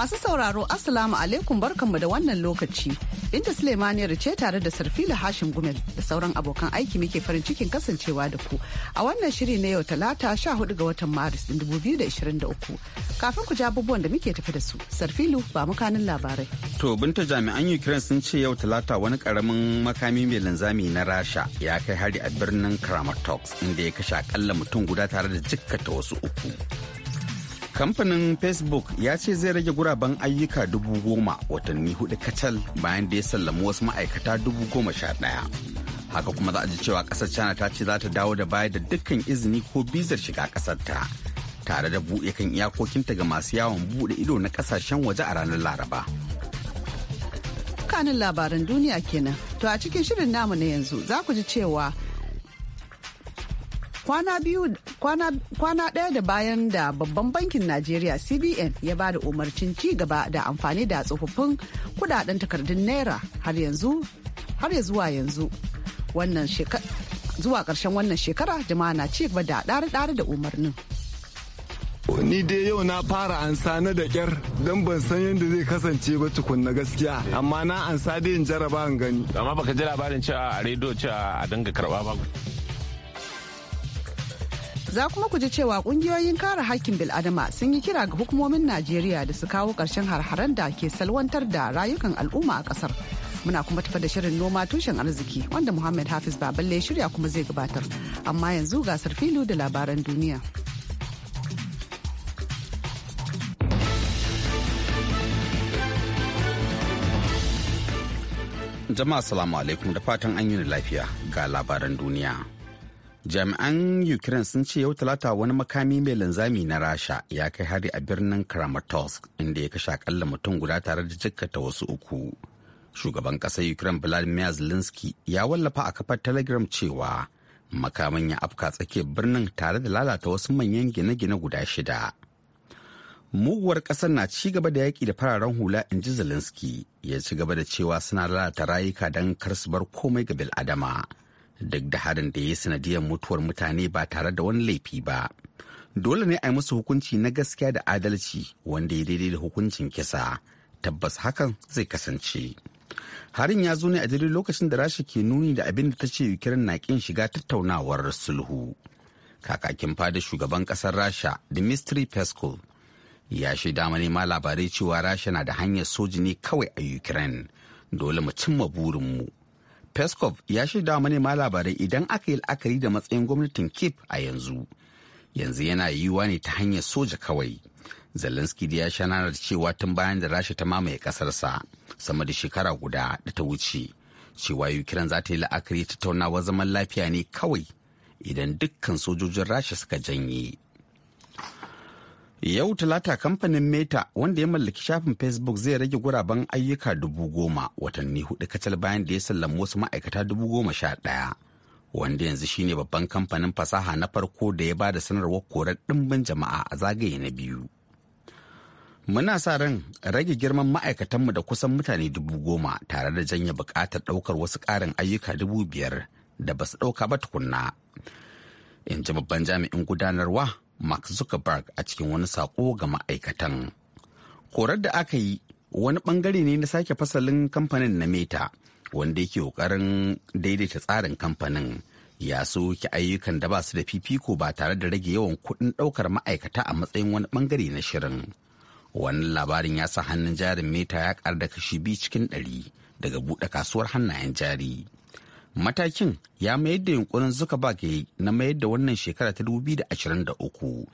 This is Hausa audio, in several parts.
Masu sauraro Assalamu alaikum barkanmu da wannan lokaci. Binta Suleimani ce tare da Sarfila Hashim Gumel da sauran abokan aiki muke farin cikin kasancewa da ku a wannan shiri na yau talata 14 ga watan Maris 2023. Kafin ku ja abubuwan da muke tafi da su, Sarfilu ba mukanin labarai. To binta jami'an Ukraine sun ce yau talata wani karamin makami mai linzami na Rasha ya kai hari a birnin Kramatorsk inda ya kashe akalla mutum guda tare da jikkata wasu uku. kamfanin facebook ya ce zai rage guraben ayyuka dubu goma watanni hudu kacal bayan da ya sallami wasu ma'aikata dubu goma sha ɗaya haka kuma za a ji cewa kasar china ta ce za ta dawo da baya da dukkan izini ko bizar shiga kasar ta tare da buɗe kan iyakokinta ga masu yawon buɗe ido na ƙasashen waje a ranar laraba kanin labaran duniya kenan to a cikin shirin namu na yanzu za ku ji cewa kwana biyu kwana ɗaya da bayan da babban bankin najeriya cbn ya ba da umarcin ci gaba da amfani da tsofaffin kudaden takardun naira har yanzu har ya zuwa yanzu wannan zuwa ƙarshen wannan shekara jama'a na ci gaba da dare dare da umarnin ni dai yau na fara ansa na da kyar don ban san yadda zai kasance ba tukun na gaskiya amma na ansa dai in jaraba in gani amma baka ji labarin cewa a rediyo cewa a dinga karba ba Za kuma ku ji cewa kungiyoyin kare hakkin bil'adama sun yi kira ga hukumomin Najeriya da su kawo ƙarshen harharen da ke salwantar da rayukan al'umma a ƙasar. Muna kuma tafa da shirin noma tushen arziki wanda Muhammad Hafiz Baballe shirya kuma zai gabatar. Amma yanzu gasar filu da labaran duniya. Jama'a salamu alaikum da fatan an yi lafiya ga labaran duniya. jami'an ukraine sun ce yau talata wani makami mai linzami na rasha ya kai hari a birnin kramatorsk inda ya kashe akalla mutum guda tare da jikkata wasu uku shugaban kasar ukraine vladimir zelensky ya wallafa a kafar telegram cewa makamin ya afka tsakiyar birnin tare da lalata wasu manyan gine-gine guda shida muguwar ƙasar na ci gaba da yaƙi da fararen hula in ji zelensky ya ci gaba da cewa suna lalata rayuka don kar su bar komai ga bil'adama adama duk da harin da ya yi sanadiyar mutuwar mutane ba tare da wani laifi ba dole ne a yi musu hukunci na gaskiya da adalci wanda ya daidai da hukuncin kisa tabbas hakan zai kasance harin ya zo ne a daidai lokacin da rasha ke nuni da abin da ta ce ukraine na kin shiga tattaunawar sulhu kakakin fada shugaban kasar rasha dmitry peskov ya shaida nema labarai cewa rasha na da hanyar soji ne kawai a ukraine dole mu cimma burinmu peskov ya shaida manema labarai idan aka yi la'akari da matsayin gwamnatin kip a yanzu yanzu yana yiwuwa ne ta hanyar soja kawai zelensky da ya shanar da cewa tun bayan da rasha ta mamaye kasarsa sama da shekara guda da ta wuce cewa ukraine za ta yi la'akari tattaunawar zaman lafiya ne kawai idan dukkan sojojin rasha suka janye Yau Talata kamfanin Meta wanda ya mallaki shafin Facebook zai rage guraben ayyuka dubu goma watanni hudu kacal bayan da ya sallama wasu ma'aikata dubu goma sha ɗaya. Wanda yanzu shine babban kamfanin fasaha na farko da ya bada sanarwar korar ɗimbin jama'a a zagaye na biyu. Muna sa ran rage girman ma'aikatanmu da kusan mutane dubu goma tare da janye buƙatar ɗaukar wasu ƙarin ayyuka dubu biyar da ba su ɗauka ba tukunna. In ji babban jami'in gudanarwa Mark Zuckerberg a cikin wani saƙo ga ma'aikatan. Korar da aka yi wani ɓangare ne na sake fasalin kamfanin na Meta wanda yake ƙoƙarin daidaita tsarin kamfanin ya ki ayyukan da ba su da fifiko ba tare da rage yawan kuɗin ɗaukar ma'aikata a matsayin wani ɓangare na shirin. wani labarin ya sa hannun jarin Meta ya ƙar da kashi biyu cikin ɗari daga buɗe kasuwar hannayen jari. matakin ya mayar da yunkurin zuckerberg ya na mayar da wannan shekara ta 2023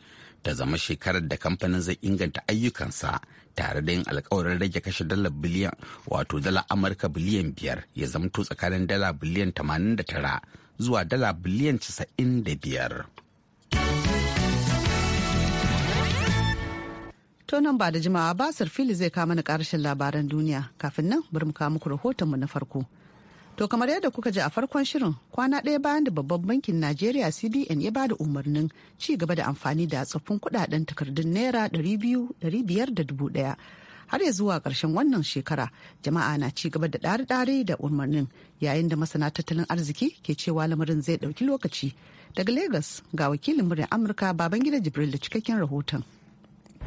ta zama shekarar da kamfanin zai inganta ayyukansa tare da yin alkawarin rage kashe dala biliyan wato dala amurka biliyan biyar ya to tsakanin dala biliyan 89 zuwa dala biliyan 95 To nan ba da jimawa ba Fili zai kama na karshen labaran duniya kafin nan bari mu kawo muku rahotonmu na farko. To kamar yadda kuka ji a farkon shirin kwana ɗaya bayan da babban bankin Najeriya CBN ya bada umarnin ci gaba da amfani da tsoffin kudaden takardun naira ɗari biyu biyar da dubu ɗaya har ya zuwa ƙarshen wannan shekara jama'a na ci gaba da ɗari-ɗari da umarnin yayin da masana tattalin arziki ke cewa lamarin zai ɗauki lokaci daga Legas ga wakilin muryar Amurka Babangida Jibril da cikakken rahoton.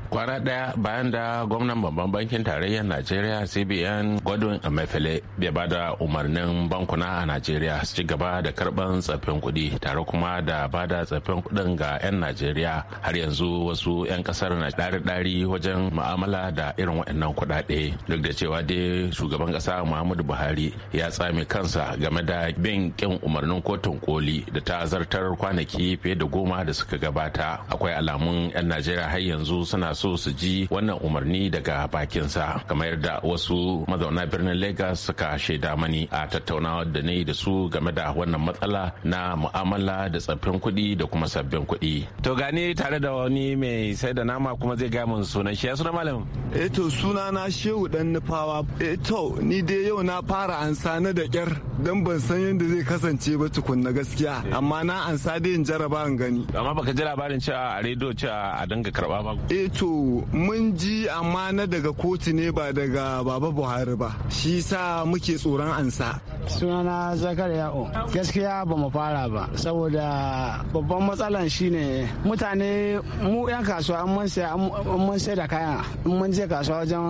kwana daya bayan da gwamnan babban bankin tarayyar najeriya cbn godwin emefiele bai ba da umarnin bankuna a najeriya su ci gaba da karban tsaffin kuɗi tare kuma da ba da tsaffin kuɗin ga 'yan najeriya har yanzu wasu 'yan kasar na dari-dari wajen ma'amala da irin waɗannan kuɗaɗe duk da cewa dai shugaban ƙasa muhammadu buhari ya tsami kansa game da bin ƙin umarnin kotun koli da ta zartar kwanaki fiye da goma da suka gabata akwai alamun 'yan najeriya har yanzu suna so su ji wannan umarni daga bakinsa kamar yadda wasu mazauna birnin lagos suka shaida mani a tattaunawa da na yi da su game da wannan matsala na mu'amala da tsaffin kuɗi da kuma sabbin kuɗi. To gani tare da wani mai sai da nama kuma zai mun sunan shi ya suna malam. Eh suna na Shehu dan Nufawa. Eh to ni dai yau na fara ansa na da kyar dan ban san yadda zai kasance ba tukunna gaskiya amma na ansa dai in jaraba in gani. Amma baka ji labarin cewa a rediyo cewa a dinga karba ba. Eh to mun ji amana daga kotu ne ba daga baba buhari ba shi sa muke tsoron ansa sunana zakar ya'o gaskiya ba mu fara ba saboda babban matsalan shine mutane mu yan kasuwa an mun sai da kaya in mun je kasuwa wajen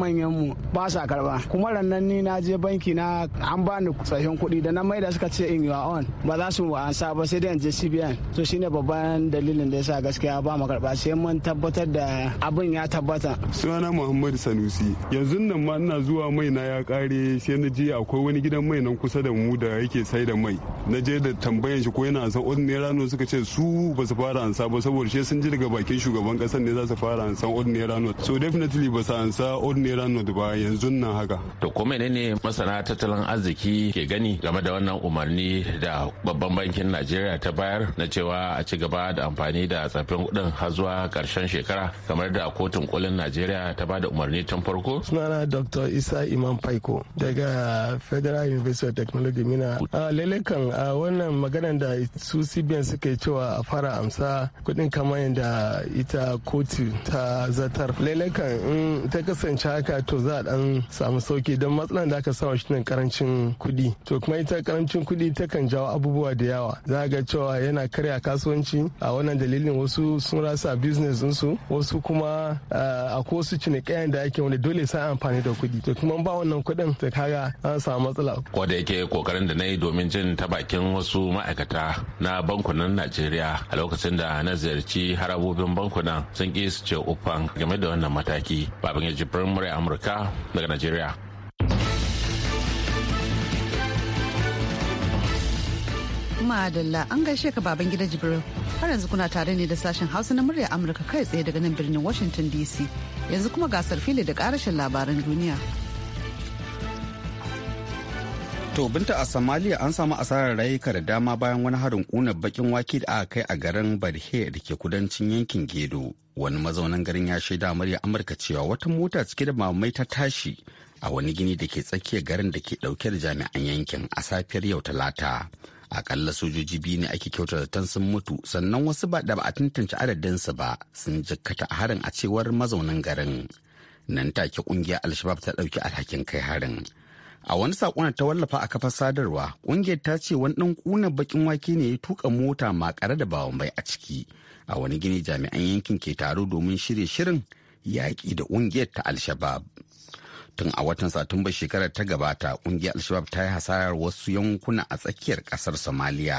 manyan mu ba sa karba kuma rannan ni na je banki na an ba ni tsahin kuɗi da na mai da suka ce in yi on ba za su ansa ba sai dai in je cbn to shine babban dalilin da yasa gaskiya ba mu karba sai mun tabbatar da abin ya tabbata sunana muhammadu sanusi yanzu nan ma ina zuwa mai na ya kare sai na je akwai wani gidan mai nan kusa da mu da yake sai da mai na je da tambayan shi ko yana odin ordinary rano suka ce su ba su fara ansa ba saboda shi sun ji daga bakin shugaban kasar ne za su fara ansa ordinary rano so definitely ba su ansa ordinary rano ba yanzu nan haka to ko ne masana tattalin arziki ke gani game da wannan umarni da babban bankin Najeriya ta bayar na cewa a ci gaba da amfani da tsafin kudin har zuwa karshen shekara kamar da kotun kolin najeriya ta ba da umarni tun farko sunana dr isa imam faiko daga federal university of technology mina a lelekan a wannan maganar da su cbn suka yi cewa a fara amsa kudin kamar yadda ita kotu ta zatar lele in ta kasance haka to za a dan samu sauki don matsalan da aka samu shi ne karancin kudi to kuma ita karancin kudi takan jawo abubuwa da yawa za ga cewa yana karya kasuwanci a wannan dalilin wasu sun rasa business su wasu kuma a ko su kayan da ake wani dole sai amfani da kuɗi to kuma ba wannan kuɗin ta kaga an samu matsala ko da yake kokarin da nayi yi domin jin ta bakin wasu ma'aikata na bankunan najeriya a lokacin da na ziyarci harabobin bankunan sun ki su ce ufan game da wannan mataki babin ya jibrin murai amurka daga najeriya Madalla an gaishe ka baban gida Jibril. Har yanzu kuna tare ne da sashen Hausa na murya Amurka kai tsaye daga nan birnin Washington DC. Yanzu kuma gasar fili da karashin labaran duniya. To binta a Somalia an samu asarar rayuka da dama bayan wani harin kuna bakin wake da aka kai a garin Barhe da ke kudancin yankin Gedo. Wani mazaunan garin ya shaida murya Amurka cewa wata mota cike da mamai ta tashi a wani gini da ke tsakiyar garin da ke dauke da jami'an yankin a safiyar yau talata. akalla sojoji biyu ne ake kyautar da sun mutu sannan wasu ba da ba a tantance adadinsu ba sun jikkata a harin a cewar mazaunin garin nan take kungiyar alshabab ta dauki alhakin kai harin a wani sakon ta wallafa a kafar sadarwa kungiyar ta ce wani dan kunan bakin wake ne ya tuka mota makare da bawan bai a ciki a wani gini jami'an yankin ke taro domin shirye shirin yaƙi da kungiyar ta alshabab tun a watan satumba shekarar ta gabata kungiyar alshabab ta yi hasarar wasu yankuna a tsakiyar kasar somaliya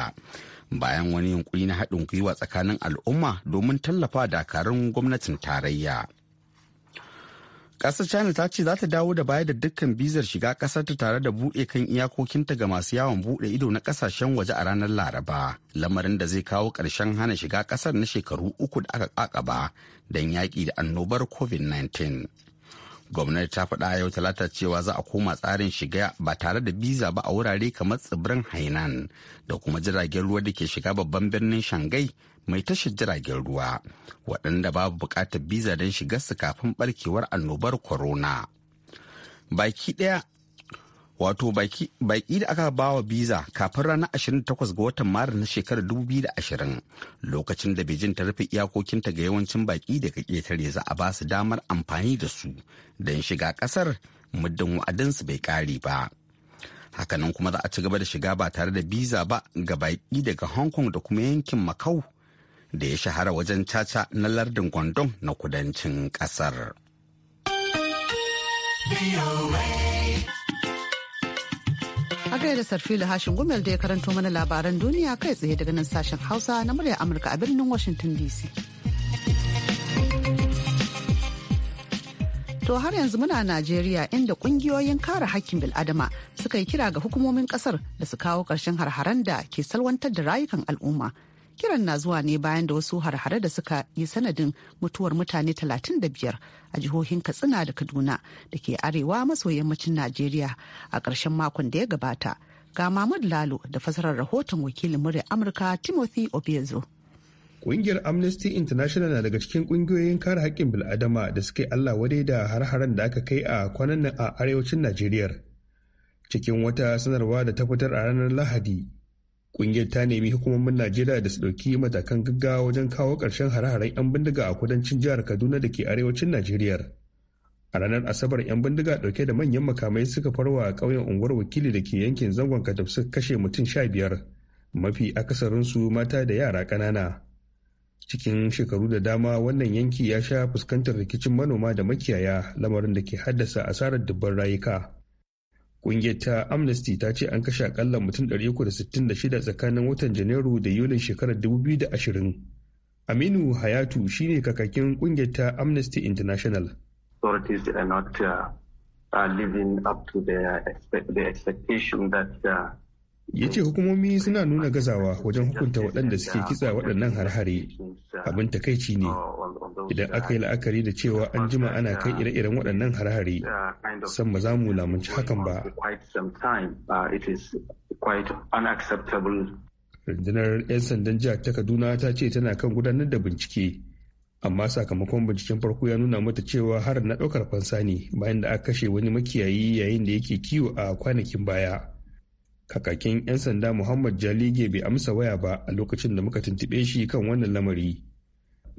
bayan wani yunkuri na haɗin gwiwa tsakanin al'umma domin tallafa dakarun gwamnatin tarayya ƙasar china ta ce za ta dawo da baya da dukkan bizar shiga ƙasar ta tare da buɗe kan iyakokinta ga masu yawon buɗe ido na ƙasashen waje a ranar laraba lamarin da zai kawo ƙarshen hana shiga ƙasar na shekaru uku da aka ƙaƙaba don yaƙi da annobar covid-19 gwamnati ta faɗa yau talata cewa za a koma tsarin shiga ba tare da biza ba a wurare kamar tsibirin hainan da kuma jiragen ruwa da ke shiga babban birnin shangai mai tashar jiragen ruwa waɗanda babu buƙatar biza don shiga su kafin barkewar annobar corona baki ɗaya wato baki da aka ba wa biza kafin ranar 28 ga watan maris na shekarar 2020 lokacin da beijing ta rufe iyakokinta ga yawancin baki daga ƙetare za a basu damar amfani da su don shiga ƙasar muddin wa'adinsu bai ƙare ba hakanan kuma za a ci gaba da shiga ba tare da biza ba ga baki daga hong kong da kuma yankin Macau da ya shahara wajen caca na lardin gwandon na kudancin ƙasar. A da Sarfila Hashin Gumel da ya karanto mana labaran duniya kai tsaye daga nan sashen Hausa na murya Amurka a birnin Washington DC. To har yanzu muna Najeriya inda kungiyoyin kare hakkin bil'adama suka yi kira ga hukumomin kasar da su kawo ƙarshen harharan da ke salwantar da rayukan al'umma kiran na zuwa ne bayan da wasu harhare da suka yi sanadin mutuwar mutane 35 a jihohin katsina da kaduna da ke arewa maso yammacin najeriya a ƙarshen makon da ya gabata ga mahmud lalo da fasarar rahoton wakilin murya amurka timothy obiezo Ƙungiyar Amnesty International na daga cikin ƙungiyoyin kare haƙƙin bil'adama da suke Allah wadai da har-haren da aka kai a kwanan nan a arewacin Najeriya. Cikin wata sanarwa da ta fitar a ranar Lahadi, Ƙungiyar ta nemi hukumomin Najeriya da su ɗauki matakan gaggawa wajen kawo ƙarshen hare-haren 'yan bindiga a kudancin jihar Kaduna da ke arewacin Najeriya. A ranar Asabar 'yan bindiga ɗauke da manyan makamai suka farwa a ƙauyen unguwar wakili da ke yankin zangon Katab suka kashe mutum sha biyar, mafi akasarinsu mata da yara ƙanana. Cikin shekaru da dama wannan yanki ya sha fuskantar rikicin manoma da makiyaya lamarin da ke haddasa asarar dubban rayuka. Ƙungiyar ta Amnesty ta ce an kashe akalla mutum 366 tsakanin watan Janairu da Yulin shekarar 2020. Aminu Hayatu shine kakakin ƙungiyar ta Amnesty International. Authorities are not uh, living up to the, expect, the expectation that uh, ya ce hukumomi suna nuna gazawa wajen hukunta waɗanda suke kitsa waɗannan har-hare abin takaici ne idan aka yi la'akari da cewa an jima ana kai ire-iren waɗannan har-hare san ba za mu lamunci hakan ba rundunar 'yan sandan jihar ta kaduna ta ce tana kan gudanar da bincike amma sakamakon binciken farko ya nuna mata cewa har na ɗaukar fansa ne bayan da aka kashe wani makiyayi yayin da yake kiwo a kwanakin baya. kakakin 'yan sanda muhammad jalige bai amsa waya ba a lokacin da muka tuntube shi kan wannan lamari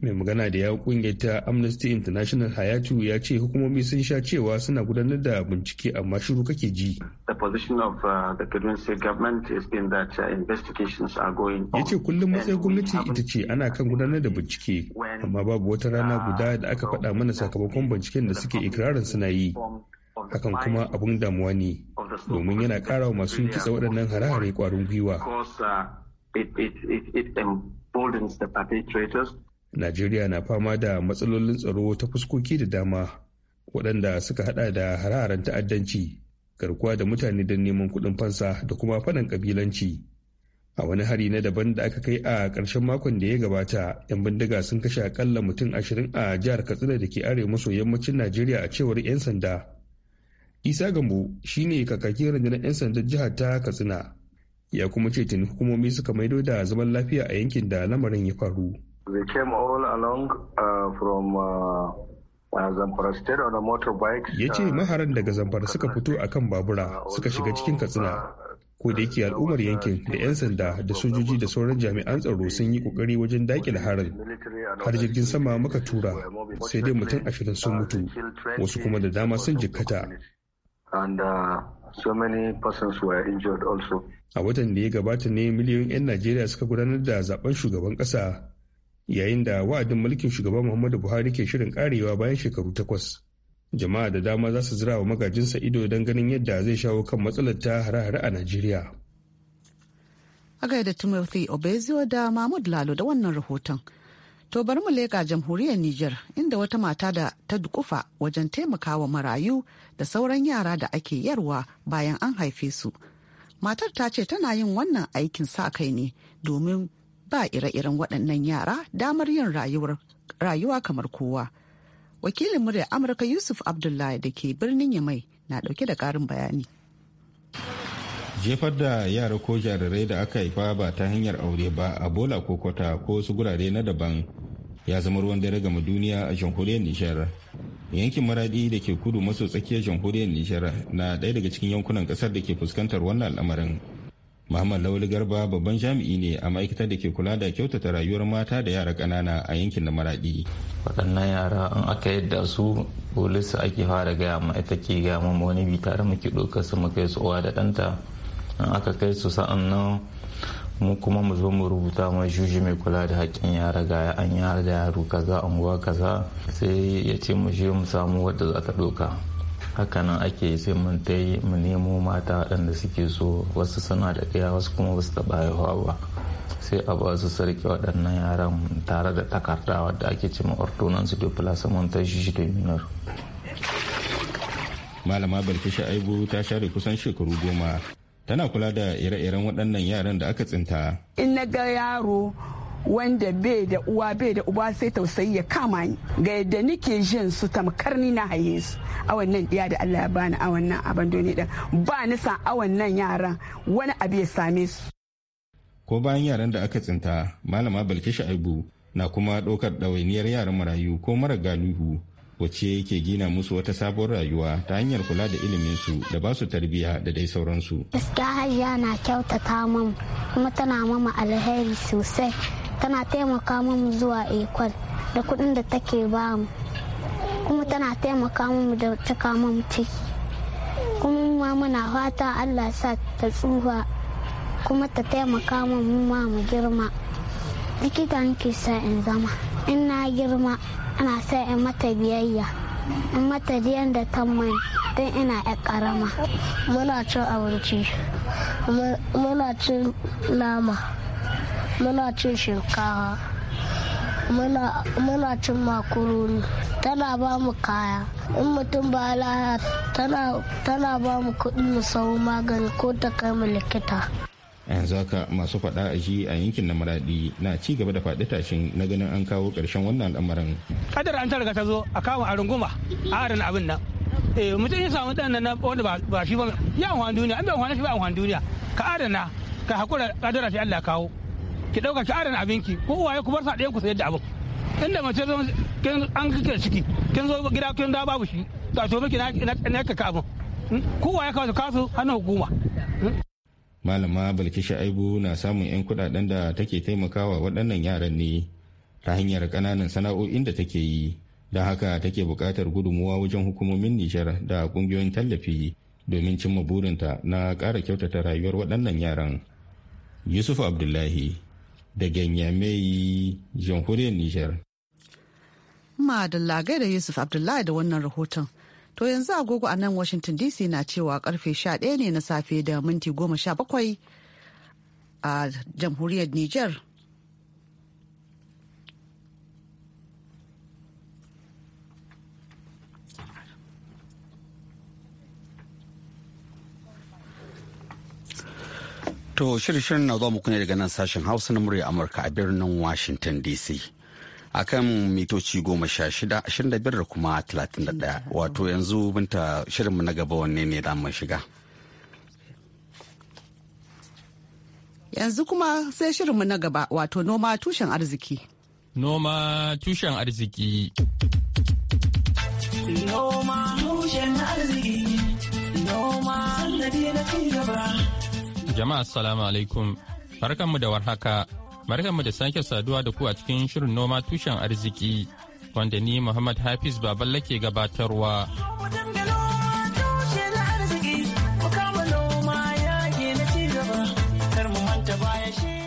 mai magana da ya kungiyar ta amnesty international hayatu ya ce hukumomi sun sha cewa suna gudanar da bincike amma shiru kake ji uh, uh, ya ce kullum matsayin gwamnati ita ce ana kan gudanar da bincike amma babu wata rana guda da aka faɗa mana sakamakon binciken da suke ikirarin suna yi hakan kuma abun damuwa ne domin yana wa masu kitsa waɗannan harare ƙwarin gwiwa uh, najeriya na fama da matsalolin tsaro ta fuskoki da dama waɗanda suka hada da hararen ta'addanci garkuwa da mutane don neman kuɗin fansa da kuma faɗan ƙabilanci a wani hari na daban da aka kai a ƙarshen makon da ya gabata 'yan bindiga sun kashe akalla mutum ashirin a jihar katsina da ke arewa maso yammacin najeriya a cewar 'yan sanda isa gambo shine kakakin rundunar 'yan sandan jihar ta katsina ya kuma ce tuni hukumomi suka maido da zaman lafiya a yankin da lamarin ya faru they came all along uh, from uh... uh ya ce uh, maharan daga zamfara suka fito a kan babura uh, suka shiga cikin katsina ko da yake al'ummar yankin da 'yan sanda da sojoji da sauran jami'an tsaro sun yi kokari wajen dakile harin har jirgin sama muka tura sai dai mutum ashirin sun mutu wasu kuma da dama sun jikkata and uh, so many persons were injured also. A watan da ya gabata ne miliyoyin 'yan Najeriya suka gudanar da zaben shugaban ƙasa yayin da wa'adin mulkin shugaban Muhammadu Buhari ke shirin karewa bayan shekaru takwas. Jama'a da dama za su zira wa magajinsa ido don ganin yadda zai shawo kan matsalar ta hare-hare a Najeriya. A gaida Timothy Obezio da Mahmud Lalo da wannan rahoton. To bari mu leƙa jamhuriyar Nijar inda wata mata da ta dukufa wajen taimakawa marayu da sauran yara da ake yarwa bayan an haife su. Matar ta ce tana yin wannan aikin sa kai ne domin ba ire-iren waɗannan yara damar yin rayuwa kamar kowa. Wakilin murya Amurka Yusuf Abdullahi da ke birnin Yamai na ɗauke da ƙarin bayani. jefar da yara ko jarirai da aka haifa ba ta hanyar aure ba a bola ko kwata ko wasu gurare na daban ya zama ruwan dare gama duniya a jamhuriyar nishar Yankin maradi da ke kudu maso tsakiyar jamhuriyar nishar na ɗaya daga cikin yankunan ƙasar da ke fuskantar wannan al'amarin. Muhammad lawal Garba babban jami'i ne a ma'aikatar da ke kula da kyautata rayuwar mata da yara ƙanana a yankin na maradi. Waɗannan yara in aka yadda su polis ake fara gaya ma ita ke gaya ma wani bi tare muke ɗaukar su mu kai su uwa da ɗanta in aka kai su sa'an nan mu kuma mu zo mu rubuta ma juji mai kula da hakkin yara ga an yara da yaro kaza unguwa kaza sai ya ce mu je mu samu wadda za ta doka hakanan ake sai mun ta mu nemo mata waɗanda suke so wasu suna da ɗaya wasu kuma wasu taɓa haihuwa ba sai a ba su sarki waɗannan yaran tare da takarda wadda ake ce ma ortonansu da placement ta da da malama barkisha aibu ta share kusan shekaru goma tana kula da ire-iren waɗannan yaran da aka tsinta. In na ga yaro wanda bai da uwa bai da uba sai tausayi ya kama ni ga yadda nike jin su tamkar ni na haye su a wannan diya da Allah ya bani a wannan abin doni din ba ni san a wannan yaran wani abu ya same su ko bayan yaran da aka tsinta malama Bilkisu Aibu na kuma ɗaukar ɗawainiyar yaran marayu ko mara galihu wacce yake gina musu wata sabuwar rayuwa ta hanyar kula da ilimin su da basu tarbiyya da dai sauransu. Gaskiya hajiya na kyautata mamu kuma tana mama alheri sosai tana taimaka mamu zuwa ekwal da kuɗin da take ba mu kuma tana taimaka mamu da cika mamu ciki kuma muna fata Allah sa ta tsufa kuma ta taimaka mamu ma mu girma likita nake sa in zama in na girma ana sai in mata biyayya in mata biyan da ta mai don ina ya karama muna cin abinci muna cin nama muna cin shinkawa muna cin makaroni tana ba mu kaya in mutum ba laha tana ba mu kuɗi mu sau magani ko ta kai mu likita yanzu haka masu faɗa a ji a yankin na maradi na ci gaba da faɗi tashin na ganin an kawo ƙarshen wannan al'amarin kadar an ta ta zo a kawo a runguma a harin abin nan eh mutum ya samu ɗan nan wanda ba shi ba ya amfani duniya an bai amfani shi ba amfani duniya ka adana ka hakura a fi Allah kawo ki ɗauka ki adana abinki ko uwaye ku bar sa ɗayan ku sayar da abin inda mace zo an kike ciki kin zo gida kin da babu shi to to miki na ka abin hmm? ku ya kawo su kasu hannun hukuma hmm? malama balki aibu na samun 'yan kudaden da take taimakawa waɗannan yaran ne ta hanyar ƙananan sana'o'in da take yi da haka take buƙatar gudunmuwa wajen hukumomin nijar da ƙungiyoyin tallafi domin cimma burinta na ƙara kyautata rayuwar waɗannan yaran yusuf abdullahi daga nyamai jamhuriyar nijar madalla da yusuf abdullahi da wannan rahoton To yanzu agogo a nan Washington DC na cewa karfe 11 ne na safe da minti 17 a jamhuriyar Nijar. To shirin na zo muku ne daga nan sashen Hausa na murya Amurka a birnin Washington DC. a kan mitoci goma sha shida ashirin da biyar da kuma talatin da daya wato yanzu binta shirinmu na gaba wanne ne da mu shiga. Yanzu kuma sai shirinmu na gaba wato noma tushen arziki. Noma tushen arziki. Noma tushen arziki. Noma na kai gaba. Jama'a salamu alaikum. Barkanmu da warhaka. mu da sake saduwa da ku a cikin shirin noma tushen arziki wanda ni Muhammad Hafiz Baballe ke gabatarwa.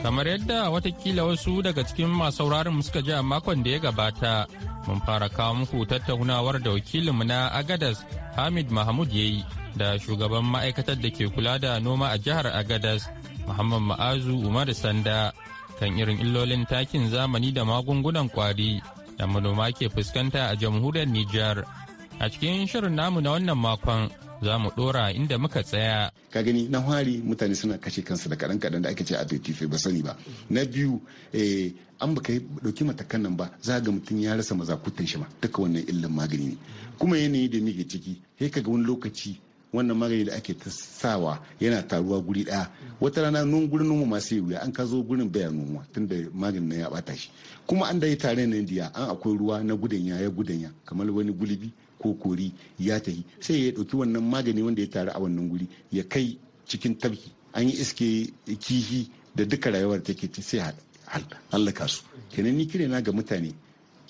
Kamar yadda watakila wasu daga cikin masu mu suka ji a makon da ya gabata, mun fara kawo muku tattaunawar da wakilinmu na Agadas Hamid Mahmud ya yi da shugaban ma'aikatar da ke kula da noma a jihar Agadas, Muhammad Ma'azu Umar Sanda. kan irin illolin takin zamani da magungunan kwari da manoma ke fuskanta a jamhuriyar Nijar. A cikin shirin namu na wannan makon za mu dora inda muka tsaya. Ka gani na hari mutane suna kashe kansu da kaɗan kaɗan da ake ce a dotife ba sani ba. Na biyu eh, an baka ɗauki matakan nan ba za ga mutum ya rasa mazakutan shi ma duka wannan illan magani ne. Kuma yanayi da muke ciki sai ka ga wani lokaci wannan magani da ake ta sawa yana taruwa guri daya wata rana nun gurin noma masu yi wuya an ka zo gurin baya noma tunda maganin nan ya bata shi kuma an da yi tare na indiya an akwai ruwa na gudanya ya gudanya kamar wani gulibi ko kori ya tahi sai ya ɗauki wannan magani wanda ya taru a wannan guri ya kai cikin tabki an yi iske kihi da duka rayuwar take ci sai hallaka su kenan ni kire na ga mutane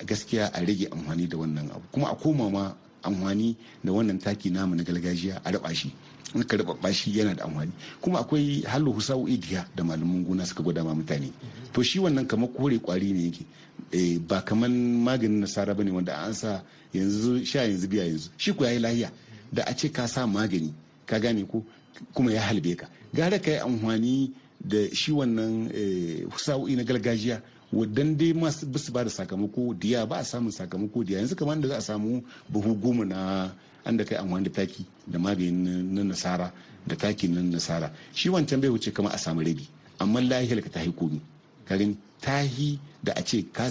gaskiya a rage amfani da wannan abu kuma a koma ma amfani da wannan taki namu na gargajiya a raba shi in ka raba shi yana da amfani kuma akwai halu husau idiya da malaman gona suka gwada ma mutane to shi wannan kamar kore kwari ne yake eh, ba kamar maganin nasara bane wanda an sa yanzu sha yanzu biya yanzu shi ku yayi lahiya da a ce ka sa magani ka gane ko kuma ya halbe ka gara ka yi amfani da shi wannan eh, husa'o'i na gargajiya wadan dai masu ba da sakamako diya ba a samun sakamako diya yanzu kamar da za a samu buhu goma na an da kai amfani da taki da maganin na nasara da taki na nasara shi wancan bai wuce kama a samu rabi amma lahiyar ka tahi komi karin tahi da a ce ka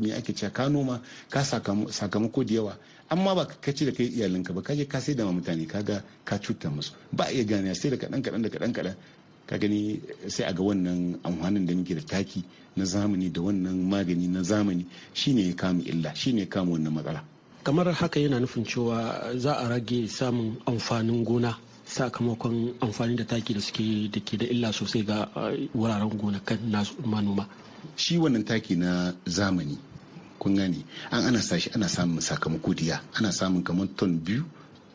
me ake cewa ka noma ka sakamako da yawa amma ba ka ce da kai iyalinka ba ka je ka sai da mutane kaga ka cuta musu ba iya gane sai da kadan kadan da kadan kadan ka gani sai a ga wannan amfanin da muke da taki na zamani da wannan magani na zamani shine ya kama illa shine ya kama wannan matsala kamar haka yana nufin cewa za a rage samun amfanin gona sakamakon amfani da taki da suke da ke da illa sosai ga uh, wuraren gonakan nasu manoma shi wannan taki na zamani kun gane an ana sashi ana samun sakamako diya ana samun kamar ton biyu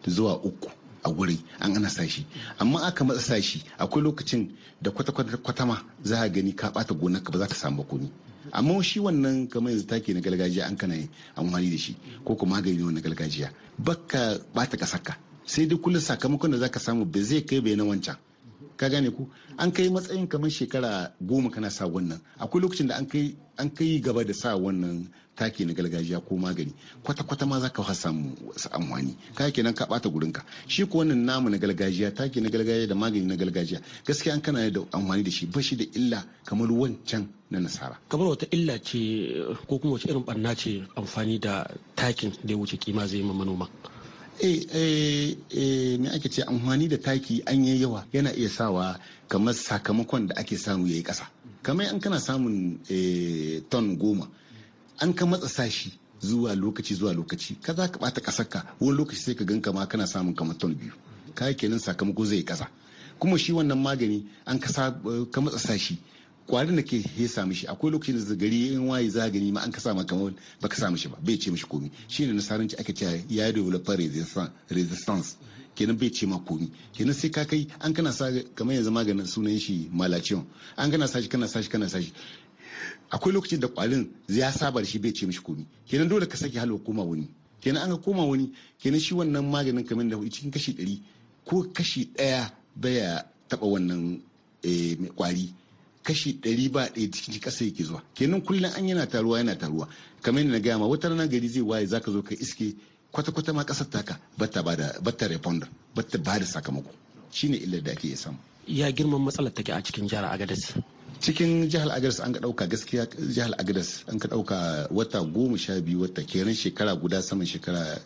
zuwa uku a wuri an ana sashi amma aka matsa sashi akwai lokacin da kwata-kwata ma za a gani ka bata gonar ka ba za ta samu komi amma shi wannan kamar yanzu take na gargajiya an kana amfani da shi ko kuma magani na gargajiya baka bata kasaka sai dai kullum sakamakon da za ka samu ba zai kai bai na wancan ka gane ku an kai matsayin kamar shekara goma kana sa wannan akwai lokacin da an kai gaba da sa wannan taki na gargajiya ko magani kwata kwata ma za ka wasu amfani ka nan ka bata gurinka shi ko wannan namu na gargajiya taki na gargajiya da magani na gargajiya gaskiya an kana da amfani da shi ba shi da illa kamar wancan na nasara kamar wata illa ce ko kuma wace irin barna ce amfani da takin da ya wuce kima zai ma manoma eh ne eh, eh, ake ce amfani da taki an yi yawa yana iya sawa kamar sakamakon da ake samu yayi kasa kamar an kana samun eh, ton goma an ka matsa sashi zuwa lokaci zuwa lokaci ka za ka bata ka wani lokaci sai ka gan kama kana samun kamar ton biyu ka kenan sakamako zai yi kasa kuma shi wannan magani an ka matsa sashi kwarin da ke samu shi akwai lokacin da zagari in waye za gani ma an ka sama kamar ka samu shi ba bai ce mishi komi shine nasaranci ake cewa ya develop resistance kenan bai ce ma komi kenan sai ka kai an kana sa kamar yanzu maganin sunan shi malachion an kana sa shi kana sa shi kana sa shi akwai lokacin da kwarin ya saba da shi bai ce mishi komi kenan dole ka sake halwa koma wani kenan an ka koma wani kenan shi wannan maganin kamar da cikin kashi ɗari ko kashi ɗaya baya taɓa wannan eh, kwari kashi ɗari ba ɗaya cikin ƙasa yake zuwa kenan kullum an yana taruwa yana taruwa kamar yadda na gaya ma wata rana gari zai waye zaka zo ka iske kwata-kwata ma ƙasar taka bata ba da bata bata ba da sakamako shine illar da ake samu ya girman matsalar take a cikin jihar agadez cikin jihar agadas an ka dauka gaskiya jihar agadas an ka dauka wata goma sha biyu wata kenan shekara guda saman shekara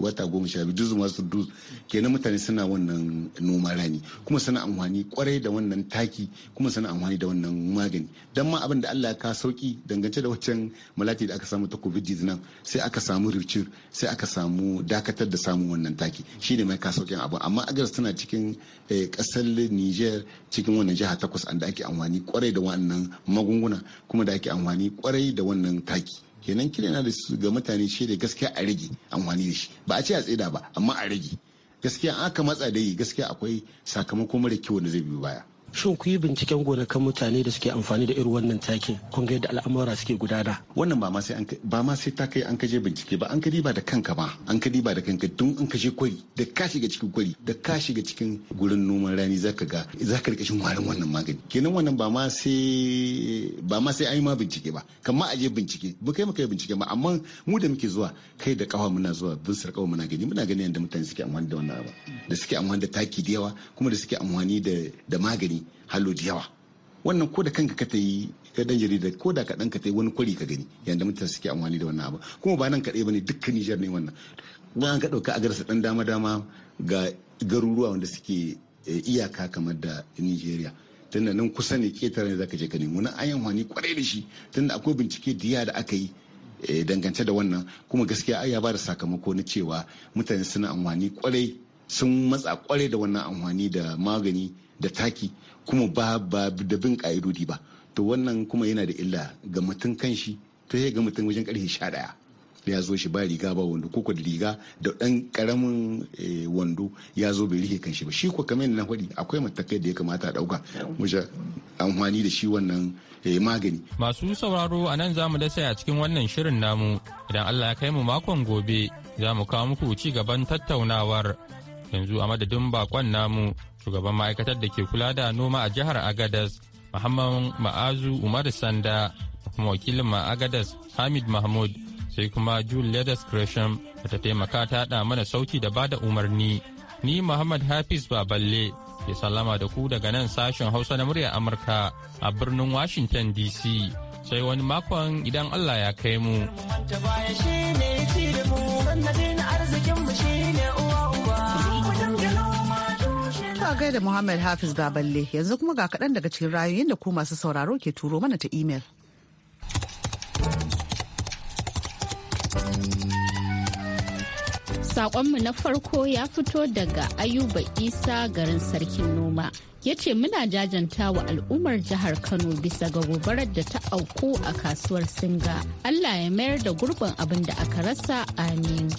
wata goma sha biyu duzu masu duzu kenan mutane suna wannan noma rani kuma suna amfani kwarai da wannan taki kuma suna amfani da wannan magani dan ma abin da Allah ya ka sauki dangance da waccan malati da aka samu ta covid nan sai aka samu rifcir sai aka samu dakatar da samun wannan taki shine mai ka saukin abu amma agadas tana cikin kasar eh, Niger cikin wannan jiha takwas da ake amfani kwarai da wannan magunguna kuma da ake amfani kwarai da wannan taki kenan kira na da ga mutane shi da gaskiya a rage amfani da shi ba a ce a tsida ba amma a rage gaskiya aka matsa da yi gaskiya akwai sakamako mara kyau da zai biyo baya shin ku yi binciken gonakan mutane da suke amfani da irin wannan takin kun ga yadda al'amura suke gudana wannan ba ma sai an ba ma sai ta kai an kaje bincike ba an ka diba da kanka ba an ka diba da kanka tun an kaje kwari da ka shiga cikin kwari da ka shiga cikin gurin noman rani zaka ga zaka rika shin warin wannan magani kenan wannan ba ma sai ba ma sai an yi ma bincike ba kamar aje bincike ba kai ma kai bincike ba amma mu da muke zuwa kai da kawa muna zuwa bin sar kawa muna gani muna gani yadda mutane suke amfani da wannan abu da suke amfani da taki da yawa kuma da suke amfani da magani hallo da yawa wannan ko da kanka ka ta yi ka dan jarida ko da ka dan ka ta yi wani kwari ka gani yanda mutane suke amfani da wannan abu kuma ba nan kaɗai bane duka Nijar ne wannan ba ka ɗauka a garsa dan dama dama ga garuruwa wanda suke eh, iyaka kamar da Nijeriya tunda nan kusa ne ketare ne zaka je ka nemo nan an yi amfani kwarai da shi tunda akwai bincike diya da aka yi eh, dangance da wannan kuma gaskiya ai ya ba da sakamako na cewa mutane suna amfani kwarai sun matsa kwarai da wannan amfani da magani da taki kuma ba ba da bin ka'idodi ba to wannan kuma yana da illa ga mutum kanshi to ya ga mutum wajen karfe sha daya ya zo shi ba riga ba wando ko da riga da dan karamin eh, wando ya zo bai rike kanshi ba shi ko kamar na faɗi akwai matakai da ya kamata a dauka wajen amfani da shi wannan eh, magani masu sauraro a nan za mu dasa a cikin wannan shirin namu idan Allah ya kai mu makon gobe za mu kawo muku ci gaban tattaunawar yanzu a madadin bakon namu shugaban ma'aikatar da ke kula da noma a jihar agadas muhammad ma'azu umar sanda kuma wakilin agadas hamid mahmud sai kuma julius gresham da ta taimaka ta da mana sauki da bada umarni ni muhammad hafiz baballe ke sallama da ku daga nan sashen hausa na muryar amurka a birnin washington dc sai wani makon idan allah ya kai mu. a gaida Muhammad Hafiz Baballe yanzu kuma ga kaɗan daga cikin rayoyin da ku masu sauraro ke turo mana ta imel. saƙonmu na farko ya fito daga Ayuba Isa garin Sarkin Noma. ya ce muna jajanta wa al'ummar jihar kano bisa ga gobarar da ta auku a kasuwar singa allah ya mayar da gurbin abin da aka rasa amin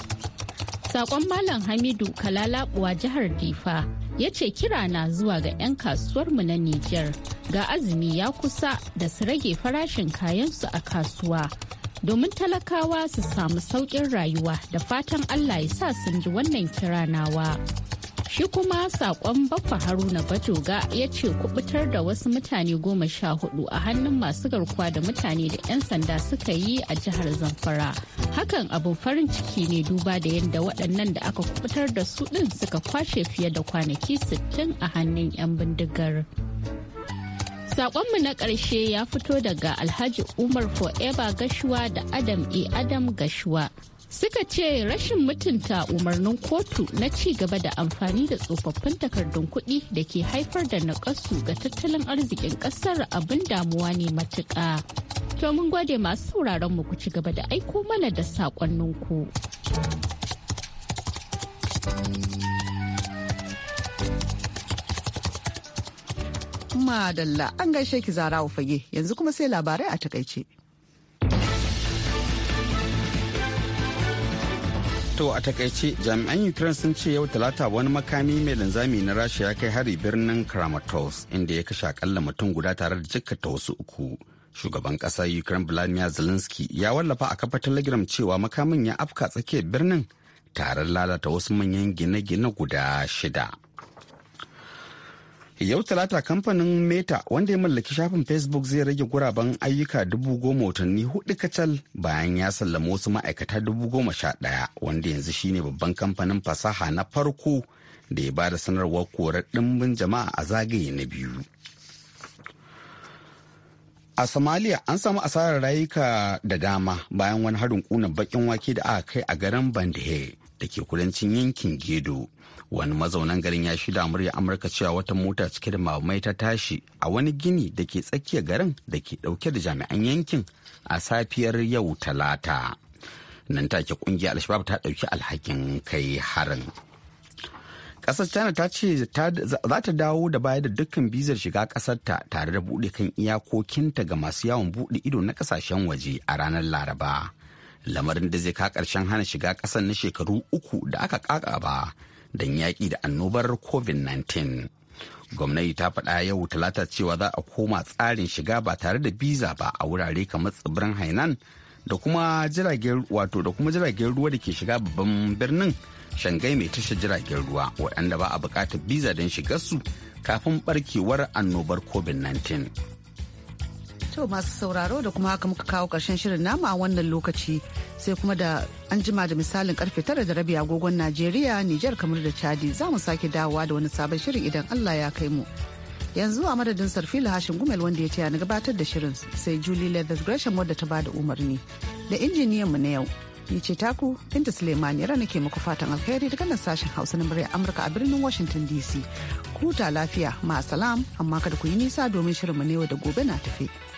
sakon malam hamidu kalalabuwa jihar difa ya ce kira na zuwa ga 'yan kasuwarmu na Nijar ga azumi ya kusa da su rage farashin kayansu a kasuwa domin talakawa su samu sauƙin rayuwa da fatan Allah ya sa sun ji wannan kira nawa. Shi kuma sakon Baffa Haruna Bajoga ya ce kubutar da wasu mutane goma sha hudu a hannun masu garkuwa da mutane da 'yan sanda suka yi a jihar Zamfara. Hakan abun farin ciki ne duba da yadda waɗannan da aka kubutar da su ɗin suka kwashe fiye da kwanaki sittin a hannun 'yan bindigar. saƙonmu na ƙarshe ya fito daga Alhaji Umar Forever Gashuwa da Adam E. Adam Gashuwa suka ce rashin mutunta umarnin kotu na ci gaba da amfani da tsofaffin takardun kuɗi da ke haifar da naƙasu ga tattalin arzikin ƙasar abin damuwa ne matuƙa. To mun gode masu sauraron mu ku ci gaba da aiko mana da saƙonninku. Madalla an gaishe ki zara fage yanzu kuma sai labarai a takaice. To a takaice jami'an Ukraine sun ce yau talata wani makami mai linzami na Rasha ya kai hari birnin Kramatorsk inda ya kashe akalla mutum guda tare da jikkata wasu uku. Shugaban kasa Ukraine Vladimir Zelensky ya wallafa a kafa Telegram cewa makamin ya afka tsakiyar birnin tare lalata wasu manyan gine-gine guda shida. yau talata kamfanin meta wanda ya mallaki shafin facebook zai rage guraben ayyuka dubu goma watanni hudu kacal bayan ya sallama wasu ma'aikata dubu goma sha ɗaya wanda yanzu shine babban kamfanin fasaha na farko da ya ba da sanarwar korar dimbin jama'a a zagaye na biyu a somalia an samu asarar rayuka da dama bayan wani harin kuna bakin wake da aka kai a garin bandhe da ke kudancin yankin gedo wani mazaunan garin ya shida murya amurka cewa wata mota cike da mamai ta tashi a wani gini da ke tsakiyar garin da ke dauke da jami'an yankin a safiyar yau talata nan take kungiyar alshabab ta dauki alhakin kai harin kasar china ta ce za ta dawo da baya da dukkan bizar shiga ta tare da buɗe kan iyakokinta ga masu yawon buɗe ido na kasashen waje a ranar laraba lamarin da zai ka ƙarshen hana shiga ƙasar na shekaru uku da aka ba. don yaƙi da annobar covid-19 gwamnati ta faɗa yau talata cewa za a koma tsarin shiga ba tare da biza ba a wurare kamar tsibirin hainan da kuma jiragen wato da kuma jiragen ruwa da ke shiga babban birnin shangai mai tashar jiragen ruwa waɗanda ba a buƙatar biza don shigarsu kafin barkewar annobar covid-19 To masu sauraro da kuma haka muka kawo ƙarshen shirin nama a wannan lokaci sai kuma da an jima da misalin karfe tara da rabi agogon Najeriya, Nijar kamar da Chadi za mu sake dawowa da wani sabon shirin idan Allah ya kai mu. Yanzu a madadin Sarfila Hashin Gumel wanda ya taya na gabatar da shirin sai Julie Leathers Gresham wadda ta bada umarni da injiniyan mu na yau. Ni ce taku Binta Suleiman yara nake muku fatan alkhairi daga nan sashen Hausa na murya Amurka a birnin Washington DC. Kuta lafiya ma salam amma kada ku yi nisa domin shirin mu na yau da gobe na tafi.